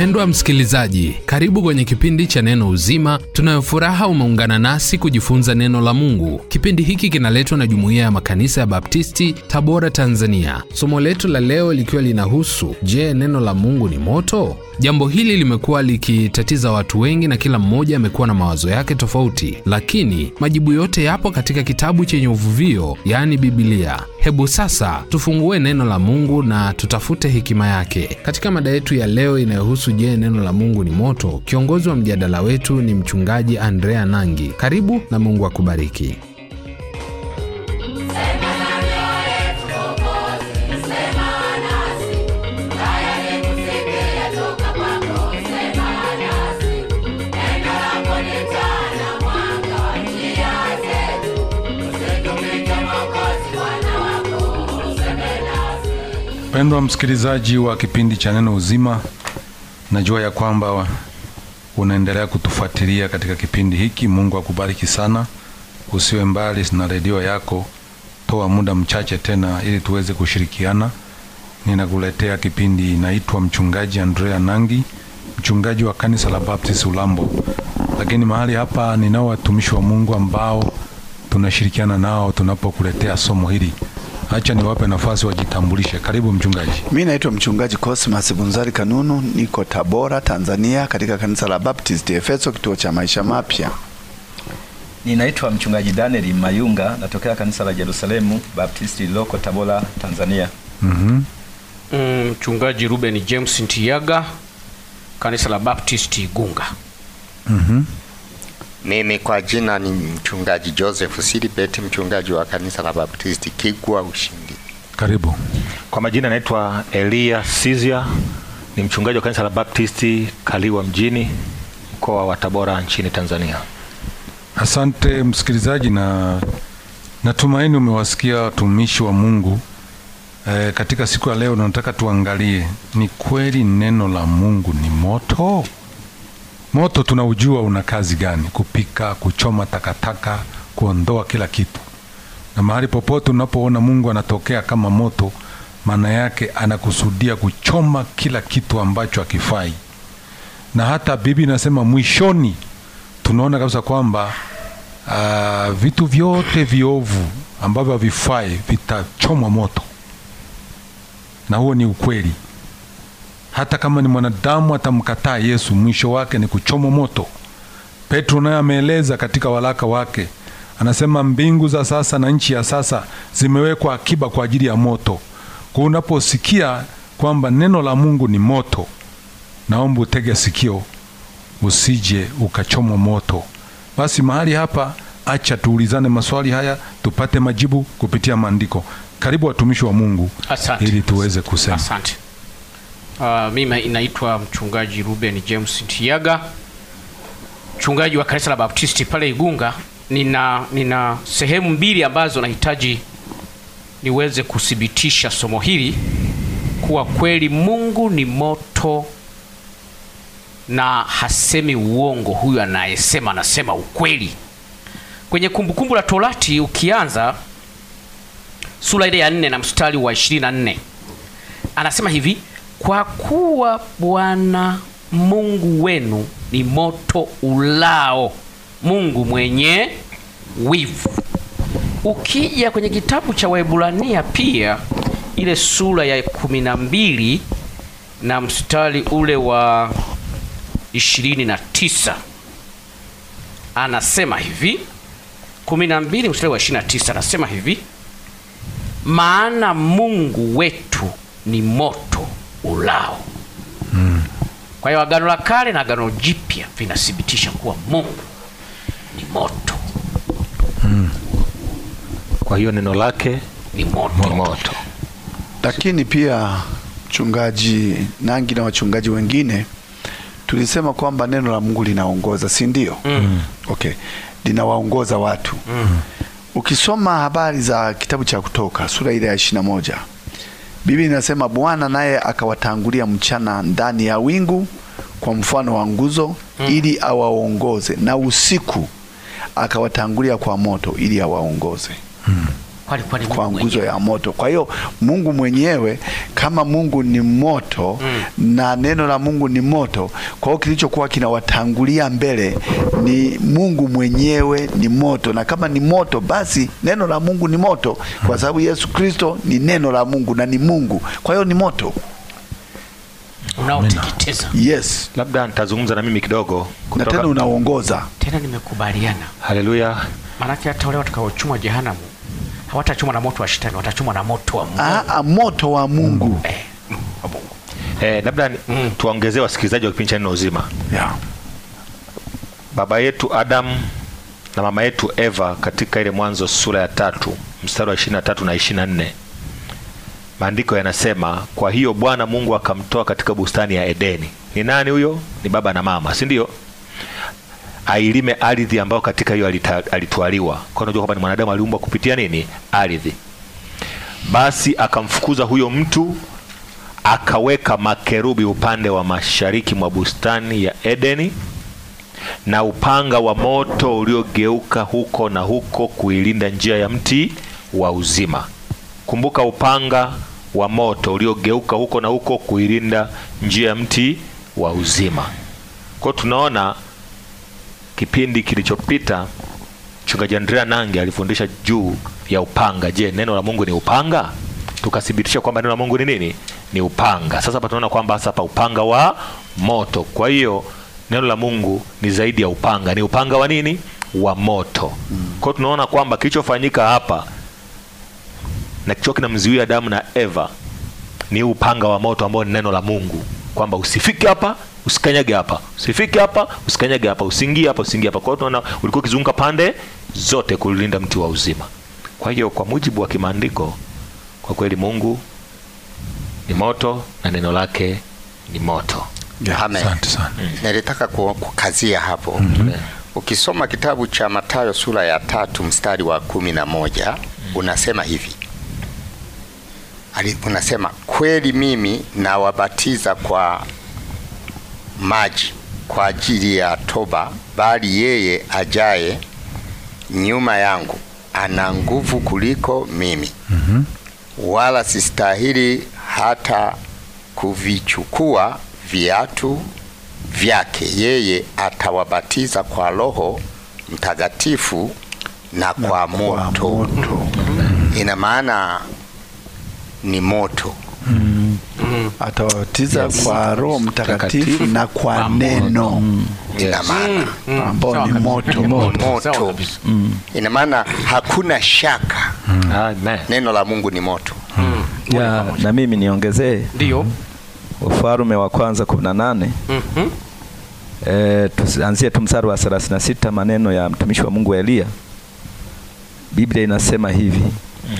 Mpendwa msikilizaji, karibu kwenye kipindi cha Neno Uzima. Tunayofuraha umeungana nasi kujifunza neno la Mungu. Kipindi hiki kinaletwa na Jumuiya ya Makanisa ya Baptisti, Tabora, Tanzania. Somo letu la leo likiwa linahusu je, neno la Mungu ni moto? Jambo hili limekuwa likitatiza watu wengi na kila mmoja amekuwa na mawazo yake tofauti, lakini majibu yote yapo katika kitabu chenye uvuvio, yaani bibilia Hebu sasa tufungue neno la Mungu na tutafute hekima yake katika mada yetu ya leo inayohusu kuhusu je, neno la Mungu ni moto? Kiongozi wa mjadala wetu ni Mchungaji Andrea Nangi. Karibu na Mungu akubariki. Mpendwa msikilizaji wa kipindi cha Neno Uzima, Najua ya kwamba unaendelea kutufuatilia katika kipindi hiki. Mungu akubariki sana, usiwe mbali na redio yako, toa muda mchache tena ili tuweze kushirikiana. Ninakuletea kipindi inaitwa Mchungaji Andrea Nangi, mchungaji wa kanisa la Baptist Ulambo. Lakini mahali hapa ninao watumishi wa Mungu ambao tunashirikiana nao tunapokuletea somo hili acha niwape nafasi wajitambulishe. Karibu mchungaji. Mimi naitwa mchungaji Cosmas Bunzari Kanunu, niko Tabora, Tanzania, katika kanisa la Baptist Efeso, kituo cha maisha mapya. Ninaitwa mchungaji Daniel Mayunga, natokea kanisa la Jerusalemu Baptist liloko Tabora, Tanzania. mm -hmm. mm, mchungaji Ruben James Ntiyaga, kanisa la Baptist Igunga. mm -hmm. Mimi kwa jina ni mchungaji Joseph Silibet, mchungaji wa kanisa la Baptisti Kigwa Ushindi. Karibu. Kwa majina naitwa Elia Sizia, ni mchungaji wa kanisa la Baptisti Kaliwa mjini, mkoa wa Tabora nchini Tanzania. Asante msikilizaji, na natumaini umewasikia watumishi wa Mungu. E, katika siku ya leo nataka tuangalie ni kweli neno la Mungu ni moto Moto tunaujua una kazi gani: kupika, kuchoma takataka, kuondoa kila kitu. Na mahali popote unapoona Mungu anatokea kama moto, maana yake anakusudia kuchoma kila kitu ambacho hakifai. Na hata Biblia inasema mwishoni, tunaona kabisa kwamba uh, vitu vyote viovu ambavyo havifai vitachomwa moto, na huo ni ukweli hata kama ni mwanadamu atamkataa Yesu, mwisho wake ni kuchomwa moto. Petro naye ameeleza katika walaka wake, anasema mbingu za sasa na nchi ya sasa zimewekwa akiba kwa ajili ya moto. Kwa unaposikia kwamba neno la Mungu ni moto, naomba utege sikio, usije ukachomwa moto. Basi mahali hapa, acha tuulizane maswali haya tupate majibu kupitia maandiko. Karibu watumishi wa Mungu, asante, ili tuweze kusema asante. Uh, mimi inaitwa mchungaji Ruben James Tiaga, mchungaji wa kanisa la Baptisti pale Igunga. Nina, nina sehemu mbili ambazo nahitaji niweze kuthibitisha somo hili kuwa kweli Mungu ni moto na hasemi uongo. Huyu anayesema anasema ukweli. Kwenye Kumbukumbu la Torati ukianza sura ile ya nne na mstari wa 24 anasema hivi kwa kuwa Bwana Mungu wenu ni moto ulao, Mungu mwenye wivu. Ukija kwenye kitabu cha Waebrania pia ile sura ya kumi na mbili na mstari ule wa ishirini na tisa anasema hivi, kumi na mbili mstari wa ishirini na tisa anasema hivi, maana Mungu wetu ni moto ulao mm. Kwa hiyo agano la kale na agano jipya vinathibitisha kuwa Mungu ni moto mm. Kwa hiyo neno lake ni moto, ni moto. Lakini pia mchungaji Nangi na wachungaji wengine tulisema kwamba neno la Mungu linaongoza, si ndio? mm. Okay, linawaongoza watu mm. Ukisoma habari za kitabu cha Kutoka sura ile ya ishirini na moja Biblia inasema Bwana naye akawatangulia mchana ndani ya wingu kwa mfano wa nguzo mm. ili awaongoze, na usiku akawatangulia kwa moto ili awaongoze mm kwa nguzo ya moto. Kwa hiyo Mungu mwenyewe kama Mungu ni moto mm. na neno la Mungu ni moto, kwa hiyo kilichokuwa kinawatangulia mbele ni Mungu mwenyewe ni moto, na kama ni moto, basi neno la Mungu ni moto, kwa sababu Yesu Kristo ni neno la Mungu na ni Mungu, kwa hiyo ni moto unaotikiteza. Yes, labda nitazungumza na mimi kidogo kutoka, na tena unaongoza tena, nimekubaliana. Haleluya, maana hata leo watakaochumwa jehanamu hawatachomwa na moto wa shetani, watachomwa na moto wa Mungu. Aha, ah, moto wa Mungu, mm. eh, Mungu. Eh, Eh, labda mm, tuwaongezee wasikilizaji wa kipindi cha Neno Uzima yeah. Baba yetu Adam na mama yetu Eva katika ile Mwanzo sura ya tatu mstari wa ishirini na tatu na ishirini na nne maandiko yanasema, kwa hiyo Bwana Mungu akamtoa katika bustani ya Edeni. Ni nani huyo? Ni baba na mama, si ndio? ailime ardhi ambayo katika hiyo alitwaliwa. Kwa unajua kwamba ni mwanadamu aliumbwa kupitia nini? Ardhi. Basi akamfukuza huyo mtu, akaweka makerubi upande wa mashariki mwa bustani ya Edeni na upanga wa moto uliogeuka huko na huko kuilinda njia ya mti wa uzima. Kumbuka, upanga wa moto uliogeuka huko na huko kuilinda njia ya mti wa uzima. Kwa tunaona kipindi kilichopita mchungaji Andrea Nange alifundisha juu ya upanga. Je, neno la Mungu ni upanga? Tukathibitisha kwamba neno la Mungu ni nini? Ni upanga. Sasa hapa tunaona kwamba sasa hapa upanga wa moto. Kwa hiyo neno la Mungu ni zaidi ya upanga, ni upanga wa nini? Wa moto. Mm. Kwa hiyo tunaona kwamba kilichofanyika hapa na kichwa kinamzuia Adamu na Eva ni upanga wa moto ambao ni neno la Mungu, kwamba usifike hapa usikanyage hapa, usifike hapa, usikanyage hapa, usingie hapa, usingie hapa. Kwa hiyo tunaona ulikuwa ukizunguka pande zote kulinda mti wa uzima. Kwa hiyo kwa mujibu wa kimaandiko, kwa kweli Mungu ni moto na neno lake ni moto. Yeah, Amen. Asante sana. Mm. Nilitaka kukazia hapo. Mm-hmm. Mm -hmm. Ukisoma kitabu cha Mathayo sura ya tatu mstari wa kumi na moja mm. unasema hivi Ali, unasema kweli mimi nawabatiza kwa maji kwa ajili ya toba, bali yeye ajaye nyuma yangu ana nguvu kuliko mimi mm -hmm. wala sistahili hata kuvichukua viatu vyake. Yeye atawabatiza kwa Roho Mtakatifu na kwa na moto, moto. Ina maana ni moto atawatiza yes. kwa Roho Mtakatifu na kwa neno mm. Ina maana mm. mm. ambao ni moto, moto. moto. mm. Ina maana hakuna shaka mm. neno la Mungu ni moto mm. ya, na mimi niongezee ndio Ufarume wa kwanza kumi na nane mm -hmm. E, eh, tuanzie tu mstari wa 36 maneno ya mtumishi wa Mungu Elia. Biblia inasema hivi: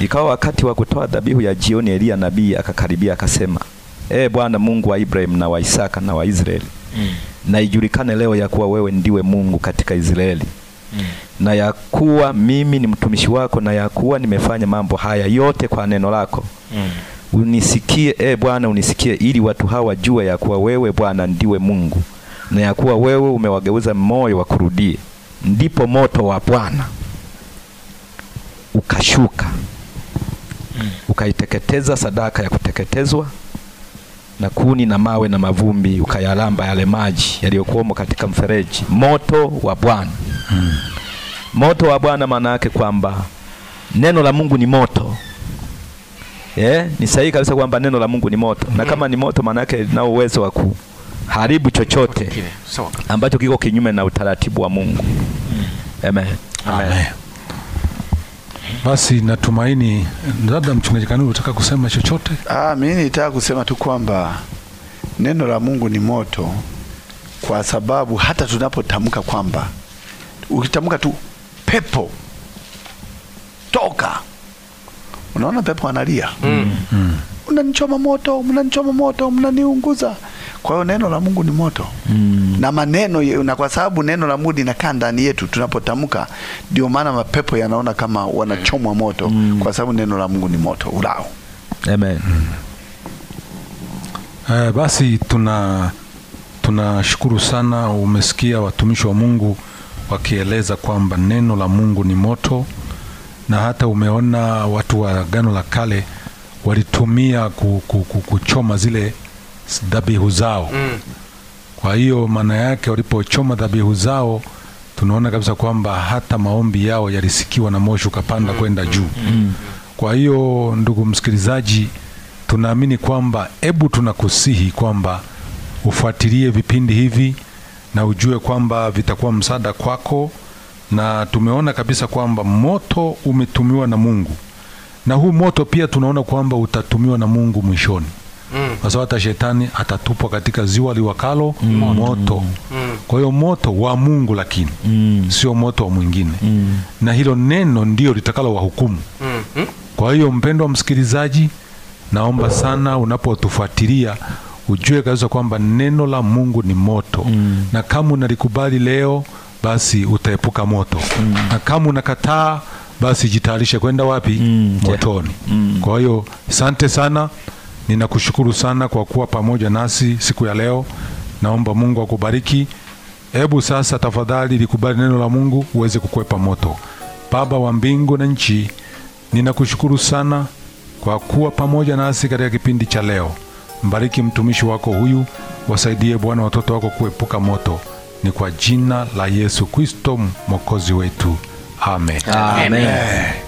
ikawa wakati wa kutoa dhabihu ya jioni, Elia nabii akakaribia akasema E Bwana Mungu wa Ibrahim na wa Isaka na wa Israeli mm. na ijulikane leo ya kuwa wewe ndiwe Mungu katika Israeli mm. na ya kuwa mimi ni mtumishi wako na ya kuwa nimefanya mambo haya yote kwa neno lako mm. unisikie e Bwana, unisikie ili watu hawa wajue ya kuwa wewe Bwana ndiwe Mungu na ya kuwa wewe umewageuza moyo kurudie Ndipo moto wa Bwana ukashuka mm. ukaiteketeza sadaka ya kuteketezwa na kuni na mawe na mavumbi, ukayalamba yale maji yaliyokuwamo katika mfereji, moto wa Bwana hmm. Moto wa Bwana maana yake kwamba neno la Mungu ni moto eh, ni sahihi kabisa kwamba neno la Mungu ni moto hmm. Na kama ni moto, maana yake linao uwezo wa kuharibu chochote ambacho kiko kinyume na utaratibu wa Mungu hmm. Amen. Amen. Amen. Basi natumaini labda mchungaji Kanuni utaka kusema chochote. Ah, mimi nitaka kusema tu kwamba neno la Mungu ni moto, kwa sababu hata tunapotamka kwamba, ukitamka tu pepo toka, unaona pepo analia mm. mm. Unanichoma moto, mnanichoma moto, mnaniunguza kwa hiyo neno la Mungu ni moto mm. na maneno, na kwa sababu neno la Mungu linakaa ndani yetu tunapotamka, ndio maana mapepo yanaona kama wanachomwa moto mm. kwa sababu neno la Mungu ni moto ulao. Amen. Mm. Eh, basi tuna tunashukuru sana. Umesikia watumishi wa Mungu wakieleza kwamba neno la Mungu ni moto, na hata umeona watu wa Agano la Kale walitumia kuchoma zile dhabihu zao mm. Kwa hiyo maana yake walipochoma dhabihu zao tunaona kabisa kwamba hata maombi yao yalisikiwa na moshi ukapanda mm. kwenda juu mm. mm. Kwa hiyo ndugu msikilizaji, tunaamini kwamba hebu tunakusihi kwamba ufuatilie vipindi hivi na ujue kwamba vitakuwa msaada kwako, na tumeona kabisa kwamba moto umetumiwa na Mungu, na huu moto pia tunaona kwamba utatumiwa na Mungu mwishoni mm. kwa sababu hata shetani atatupwa katika ziwa liwakalo mm. moto mm. kwa hiyo moto wa Mungu lakini mm. sio moto wa mwingine mm. na hilo neno ndio litakalo wahukumu mm. mm. kwa hiyo mpendwa msikilizaji, naomba sana unapotufuatilia ujue kabisa kwamba neno la Mungu ni moto mm. na kama unalikubali leo basi utaepuka moto mm. na kama unakataa basi jitayarishe kwenda wapi? mm. Motoni. yeah. mm. Kwa hiyo sante sana. Ninakushukuru sana kwa kuwa pamoja nasi siku ya leo. Naomba Mungu akubariki. Hebu sasa tafadhali likubali neno la Mungu uweze kukwepa moto. Baba wa mbingu na nchi, ninakushukuru sana kwa kuwa pamoja nasi katika kipindi cha leo. Mbariki mtumishi wako huyu, wasaidie Bwana watoto wako kuepuka moto, ni kwa jina la Yesu Kristo mwokozi wetu, amen, amen. amen.